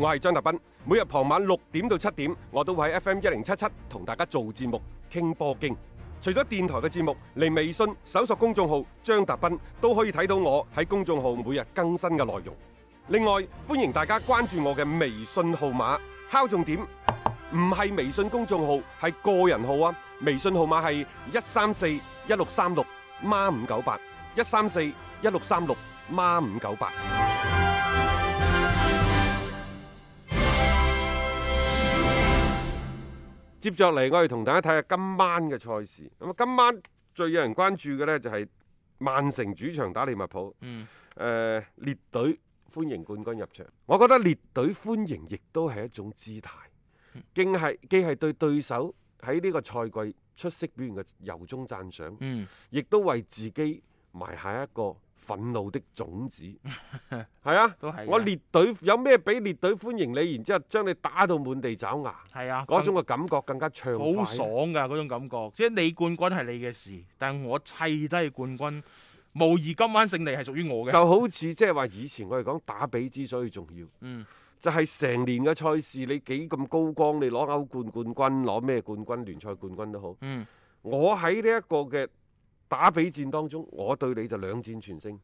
我係張達斌，每日傍晚六點到七點，我都會喺 FM 一零七七同大家做節目傾波經。除咗電台嘅節目，嚟微信搜索公眾號張達斌都可以睇到我喺公眾號每日更新嘅內容。另外，歡迎大家關注我嘅微信號碼，敲重點，唔係微信公眾號，係個人號啊！微信號碼係一三四一六三六孖五九八一三四一六三六孖五九八。接着嚟，我哋同大家睇下今晚嘅賽事。咁啊，今晚最引人關注嘅咧就係曼城主場打利物浦。嗯，誒、呃、列隊歡迎冠軍入場，我覺得列隊歡迎亦都係一種姿態，竟係既係對對手喺呢個賽季出色表現嘅由衷讚賞，嗯，亦都為自己埋下一個。憤怒的種子，係 啊，我列隊有咩俾列隊歡迎你，然之後將你打到滿地找牙，係啊，嗰、嗰個、種嘅感覺更加暢，好爽噶嗰種感覺，即係你冠軍係你嘅事，但係我砌低冠軍，無疑今晚勝利係屬於我嘅。就好似即係話以前我哋講打比之所以重要，嗯，就係成年嘅賽事你幾咁高光，你攞歐冠冠軍，攞咩冠軍聯賽冠軍都好，嗯，我喺呢一個嘅。打比戰當中，我對你就兩戰全勝，是一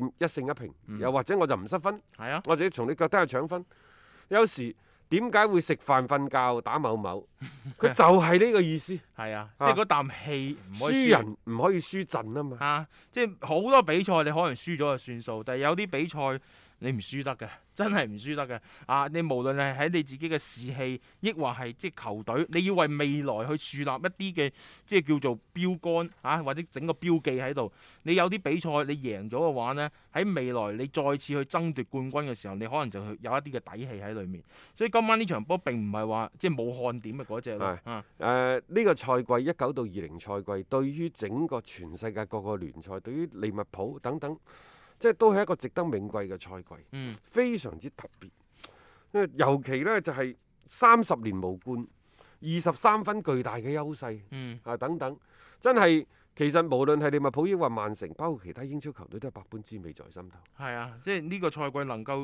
戰一勝一平，又、嗯、或者我就唔失分，或者、啊、從你腳底去搶分。有時點解會食飯瞓覺打某某？佢就係呢個意思，係啊，啊即係嗰啖氣唔可以輸。輸人唔可以輸陣啊嘛，啊即係好多比賽你可能輸咗就算數，但係有啲比賽。你唔輸得嘅，真係唔輸得嘅。啊！你無論係喺你自己嘅士氣，亦或係即係球隊，你要為未來去樹立一啲嘅即係叫做標竿啊，或者整個標記喺度。你有啲比賽你贏咗嘅話呢，喺未來你再次去爭奪冠軍嘅時候，你可能就有一啲嘅底氣喺裏面。所以今晚呢場波並唔係話即係冇看點嘅嗰隻囉。是啊、呃，呢、呢個賽季一九到二零賽季，對於整個全世界各個聯賽，對於利物浦等等。即係都係一個值得名貴嘅賽季，非常之特別。尤其呢，就係三十年無冠，二十三分巨大嘅優勢啊等等，真係其實無論係利物浦抑或曼城，包括其他英超球隊，都係百般滋味在心頭。係啊，即係呢個賽季能夠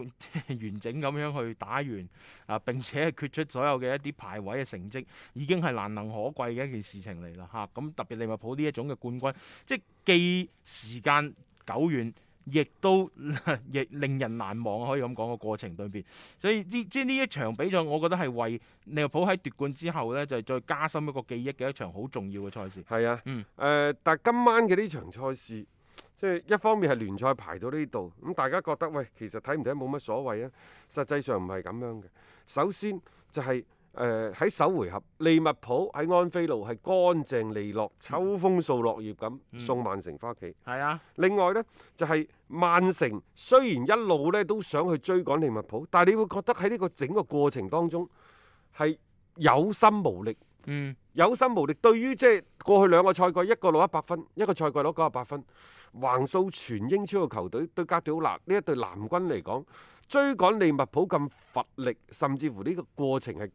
完整咁樣去打完啊，並且係決出所有嘅一啲排位嘅成績，已經係難能可貴嘅一件事情嚟啦。嚇、啊、咁特別利物浦呢一種嘅冠軍，即係既時間久遠。亦都亦令人難忘，可以咁講個過程對面，所以呢即係呢一場比賽，我覺得係為利物浦喺奪冠之後呢，就係、再加深一個記憶嘅一場好重要嘅賽事。係啊，誒、嗯呃，但係今晚嘅呢場賽事，即、就、係、是、一方面係聯賽排到呢度，咁、嗯、大家覺得喂，其實睇唔睇冇乜所謂啊，實際上唔係咁樣嘅。首先就係、是。誒喺首回合利物浦喺安菲路係乾淨利落，秋風掃落葉咁送曼城返屋企。係啊，另外呢就係曼城雖然一路呢都想去追趕利物浦，但係你會覺得喺呢個整個過程當中係有心無力。嗯，有心無力對於即係過去兩個賽季，一個攞一百分，一個賽季攞九十八分，橫掃全英超嘅球隊對哥迪奧拿呢一隊藍軍嚟講，追趕利物浦咁乏力，甚至乎呢個過程係。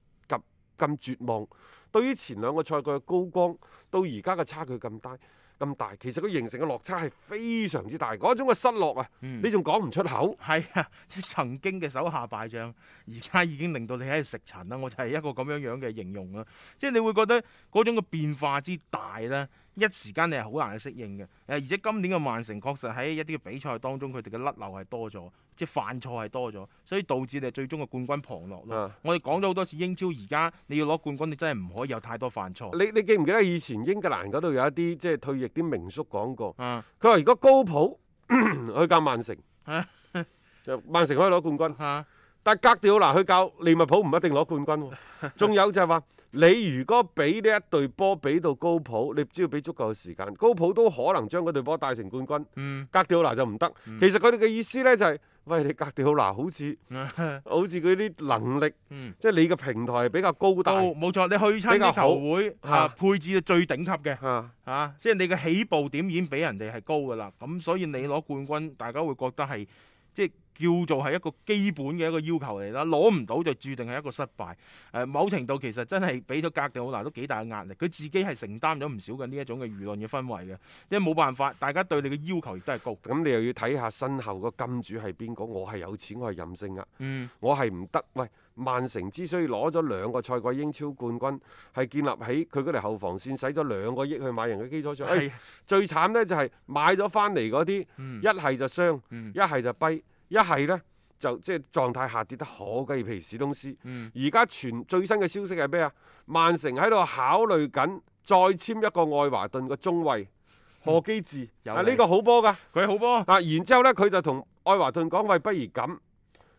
咁絕望，對於前兩個賽季嘅高光，到而家嘅差距咁大咁大，其實佢形成嘅落差係非常之大，嗰種嘅失落啊，嗯、你仲講唔出口？係啊，曾經嘅手下敗將，而家已經令到你喺度食塵啦，我就係一個咁樣樣嘅形容啦，即係你會覺得嗰種嘅變化之大咧。一時間你係好難去適應嘅，誒而且今年嘅曼城確實喺一啲比賽當中佢哋嘅甩漏係多咗，即係犯錯係多咗，所以導致你最終嘅冠軍旁落咯。啊、我哋講咗好多次英超而家你要攞冠軍，你真係唔可以有太多犯錯。你你記唔記得以前英格蘭嗰度有一啲即係退役啲名宿講過？佢話、啊、如果高普咳咳去教曼城，啊、 就曼城可以攞冠軍。啊。但格迪奧拿，去教利物浦唔一定攞冠軍，仲 有就係話，你如果俾呢一隊波俾到高普，你只要俾足夠嘅時間，高普都可能將嗰隊波帶成冠軍。嗯、格迪奧拿就唔得。其實佢哋嘅意思呢，就係、是，喂，你格迪奧拿， 好似好似佢啲能力，即、就、係、是、你嘅平台比較高大。冇、嗯哦、錯，你去親啲球會嚇，啊、配置最頂級嘅嚇，即係你嘅起步點已經比人哋係高噶啦。咁所以你攞冠軍，大家會覺得係即係。即叫做係一個基本嘅一個要求嚟啦，攞唔到就注定係一個失敗。誒、呃，某程度其實真係俾咗格定好大，都幾大嘅壓力。佢自己係承擔咗唔少嘅呢一種嘅輿論嘅氛圍嘅，因為冇辦法，大家對你嘅要求亦都係高。咁你又要睇下身後個金主係邊個？我係有錢，我係任性噶。嗯、我係唔得，喂！曼城之所以攞咗兩個賽季英超冠軍，係建立喺佢嗰嚟後防線使咗兩個億去買人嘅基礎上。係是、哎。最慘呢就係買咗翻嚟嗰啲，一係、嗯嗯、就傷，一係就跛。一係咧就即係狀態下跌得好，譬如史東斯。而家全最新嘅消息係咩啊？曼城喺度考慮緊再簽一個愛華頓嘅中衛、嗯、何基智。理啊，呢、呢個好波噶，佢好波。啊，然之後咧，佢就同愛華頓講，喂，不如咁。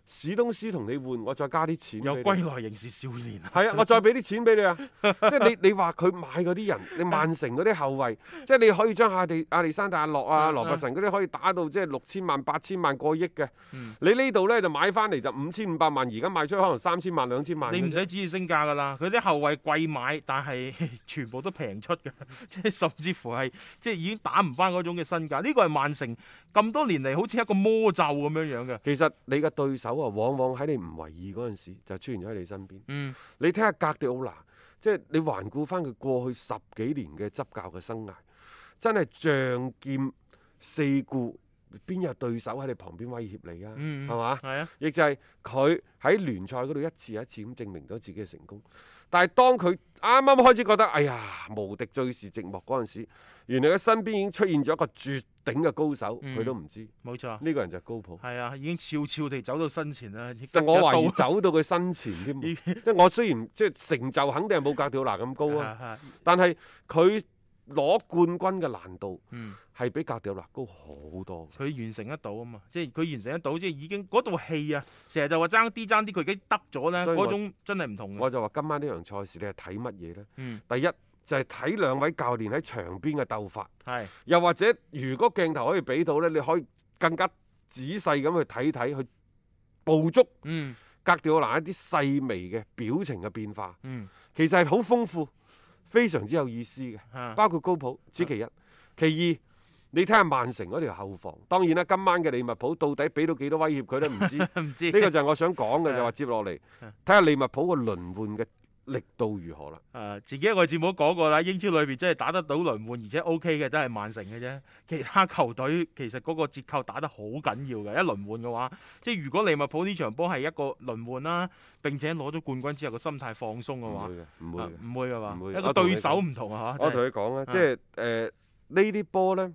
史東斯同你換，我再加啲錢。有歸來仍是少年啊！係 啊，我再俾啲錢俾你啊！ 即係你你話佢買嗰啲人，你曼城嗰啲後衞， 即係你可以將阿歷、阿歷山大阿諾啊、 羅伯臣嗰啲可以打到即係六千萬、八千、嗯、千,千萬、過億嘅。你呢度咧就買翻嚟就五千五百萬，而家賣出去可能三千萬、兩千萬。你唔使指意升價㗎啦，佢啲後衞貴買，但係全部都平出嘅，即係甚至乎係即係已經打唔翻嗰種嘅身價。呢、呢個係曼城咁多年嚟好似一個魔咒咁樣樣嘅。 其實你嘅對手。我話往往喺你唔為意嗰陣時，就出現咗喺你身邊。嗯，你睇下格迪奧拿，即係你環顧翻佢過去十幾年嘅執教嘅生涯，真係仗劍四顧，邊有對手喺你旁邊威脅你啊？嗯，係嘛吧？係啊，亦就係佢喺聯賽嗰度一次一次咁證明咗自己嘅成功。但係當佢啱啱開始覺得，哎呀，無敵最是寂寞嗰陣時，原來佢身邊已經出現咗一個絕頂嘅高手，佢、嗯、都唔知。冇錯，呢個人就係高普。係啊，已經悄悄地走到身前啦。但我懷疑走到佢身前添， 即係我雖然即係成就肯定冇格調拿咁高 啊，啊但係佢。攞冠軍嘅難度係比哥迪奧拿高好多，佢、嗯、完成得到啊嘛，即係佢完成得到，即係已經嗰套戲啊，成日就話爭啲爭啲，佢已經得咗咧，嗰種真係唔同。我就話今晚呢場賽事你係睇乜嘢咧？嗯、第一就係睇兩位教練喺場邊嘅鬥法，嗯、又或者如果鏡頭可以俾到咧，你可以更加仔細咁去睇睇去捕捉哥迪奧拿一啲細微嘅表情嘅變化，嗯嗯、其實係好豐富。非常之有意思嘅，包括高普，此其一。嗯、其二，你睇下曼城嗰條後防，當然啦，今晚嘅利物浦到底俾到幾多威脅，佢都唔知道。唔知呢個就係我想講嘅，嗯、就話接落嚟睇下利物浦個輪換嘅。力度如何啦？誒、啊，自己一個字冇講過啦。英超裏邊真係打得到輪換，而且 O K 嘅真係曼城嘅啫。其他球隊其實嗰個折扣打得好緊要嘅。一輪換嘅話，即係如果利物浦呢場波係一個輪換啦，並且攞咗冠軍之後個心態放鬆嘅話，唔會嘅，唔會嘅，唔、啊、一個對手唔同啊。我同你講啊，即係誒、呃、呢啲波咧，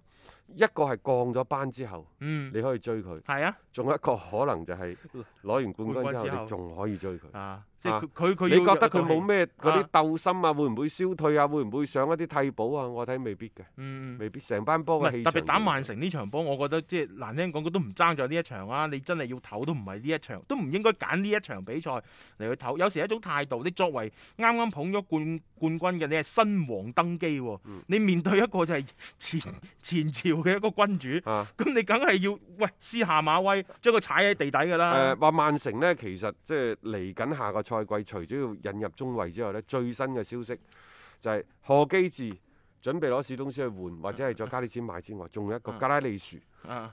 一個係降咗班之後，嗯、你可以追佢。係啊。仲有一個可能就係攞完冠軍之後，之後你仲可以追佢。啊。即係佢佢佢，啊、你覺得佢冇咩嗰啲鬥心啊？啊會唔會消退啊？會唔會上一啲替補啊？我睇未必嘅，嗯未必成班波嘅氣場。特別打曼城呢場波，我覺得即係難聽講，佢都唔爭在呢一場啊！你真係要唞都唔係呢一場，都唔應該揀呢一場比賽嚟去唞。有時一種態度，你作為啱啱捧咗冠冠軍嘅，你係新王登基喎，嗯、你面對一個就係前前朝嘅一個君主，咁、啊、你梗係要喂施下馬威，將佢踩喺地底㗎啦。誒話曼城呢，其實即係嚟緊下個。賽季除咗要引入中衞之外咧，最新嘅消息就係何基智準備攞史東斯去換，或者係再加啲錢買之外，仲有一個加拉利殊，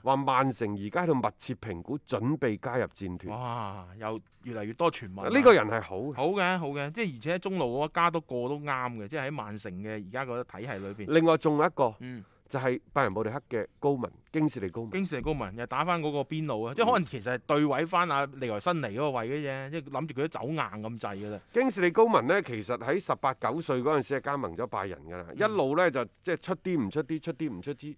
話曼城而家喺度密切評估，準備加入戰團。哇！又越嚟越多傳聞啊。呢個人係好，好，好嘅，好嘅，即係而且中路嘅家都多個都啱嘅，即係喺曼城嘅而家個體系裏邊。另外仲有一個。嗯就係拜仁慕尼黑嘅高文，京士利高文，京士利高文、嗯、又打翻嗰個邊路啊！嗯、即係可能其實係對位翻阿利萊辛尼嗰個位嘅啫，即係諗住佢都走硬咁滯嘅啦。京士利高文呢，其實喺十八九歲嗰陣時係加盟咗拜仁噶啦，嗯、一路呢，就即係出啲唔出啲，出啲唔出啲，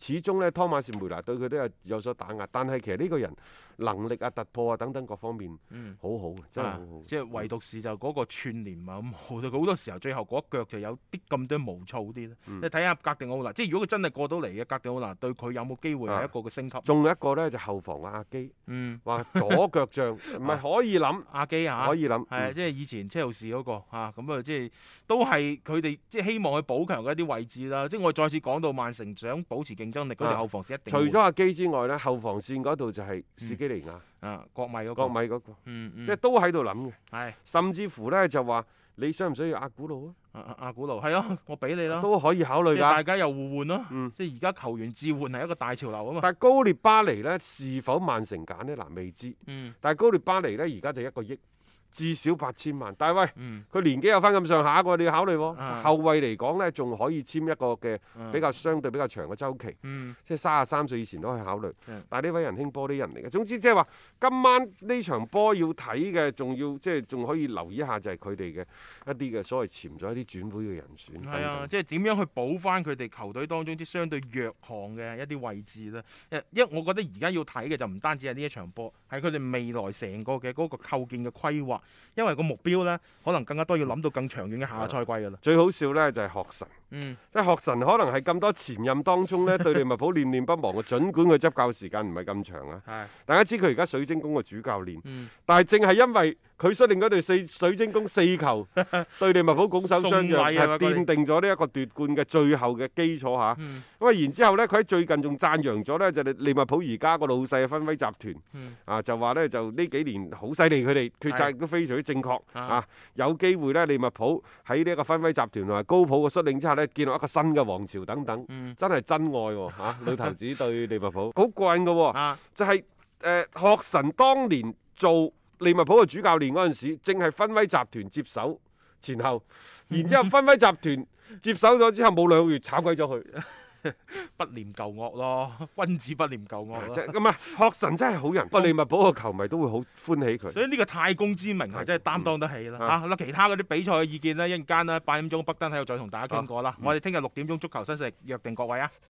始終呢，湯馬士梅拿對佢都有有所打壓。但係其實呢個人能力啊、突破啊等等各方面，嗯、好好，真係好好。嗯嗯、即係唯獨是就嗰個串聯啊，冇咗。好多時候最後嗰一腳就有啲咁多毛躁啲、嗯、你睇下格定奧拿，即係如果真係過到嚟嘅格好嗱，對佢有冇機會係一個嘅升級？仲有一個咧就是、後防阿基，嗯，話左腳將唔係可以諗、啊、阿基啊，可以諗，係、嗯、即係以前車路士嗰、那個咁啊，即係都係佢哋即係希望去補強嘅一啲位置啦。即係我再次講到曼城想保持競爭力，佢哋後防是一定、啊。除咗阿基之外咧，後防線嗰度就係斯基利亞、嗯嗯、啊，國米嗰、那個、國米嗰、那個，嗯、即係都喺度諗嘅，係、嗯嗯、甚至乎咧就話。你想唔想要阿古魯啊？阿、啊、阿古魯係啊，我俾你啦，都可以考慮噶。大家又互換咯，嗯、即係而家球員置換係一個大潮流啊嘛。但係高列巴黎呢，是否曼城揀呢？嗱、啊，未知。嗯。但係高列巴黎呢，而家就一個億。至少八千萬，但係喂，佢、嗯、年紀又翻咁上下，個你要考慮。嗯、後衛嚟講呢，仲可以簽一個嘅比較相對比較長嘅周期，嗯、即係三十三歲以前都可以考慮。嗯、但係呢位仁兄波啲人嚟嘅，總之即係話今晚呢場波要睇嘅，仲要即係仲可以留意一下，就係佢哋嘅一啲嘅所謂潛在一啲轉會嘅人選，係啊、嗯，對即係點樣去補翻佢哋球隊當中啲相對弱項嘅一啲位置呢？誒，因為我覺得而家要睇嘅就唔單止係呢一場波，係佢哋未來成個嘅嗰個構建嘅規劃。因為個目標呢，可能更加多要諗到更長遠嘅下個賽季噶啦。最好笑呢，就係學神，即係、嗯、學神可能係咁多前任當中呢，嗯、對利物浦念念不忘嘅，盡 管佢執教時間唔係咁長啊。是大家知佢而家水晶宮嘅主教練，嗯、但係正係因為。佢率領嗰隊四水晶宮四球對利物浦拱手相讓，係奠定咗呢一個奪冠嘅最後嘅基礎嚇。咁啊，然之後咧，佢喺最近仲讚揚咗咧，就係利物浦而家個老細嘅分威集團啊，就話咧就呢幾年好犀利，佢哋決策都非常之正確啊。有機會咧，利物浦喺呢一個分威集團同埋高普嘅率領之下咧，建立一個新嘅王朝等等，真係真愛嚇，老頭子對利物浦好過癮嘅喎，就係誒學神當年做。利物浦嘅主教練嗰陣時，正係分威集團接手前後，然之後分威集團接手咗之後，冇兩個月炒鬼咗佢， 不念舊惡咯，君子不念舊惡咯。咁啊，霍神真係好人，不 利物浦個球迷都會好歡喜佢。所以呢個太公之名啊，真係擔當得起啦。嗯、啊，咁其他嗰啲比賽嘅意見呢，一陣間呢，八點鐘北單喺度再同大家傾過啦。啊嗯、我哋聽日六點鐘足球新勢約定各位啊。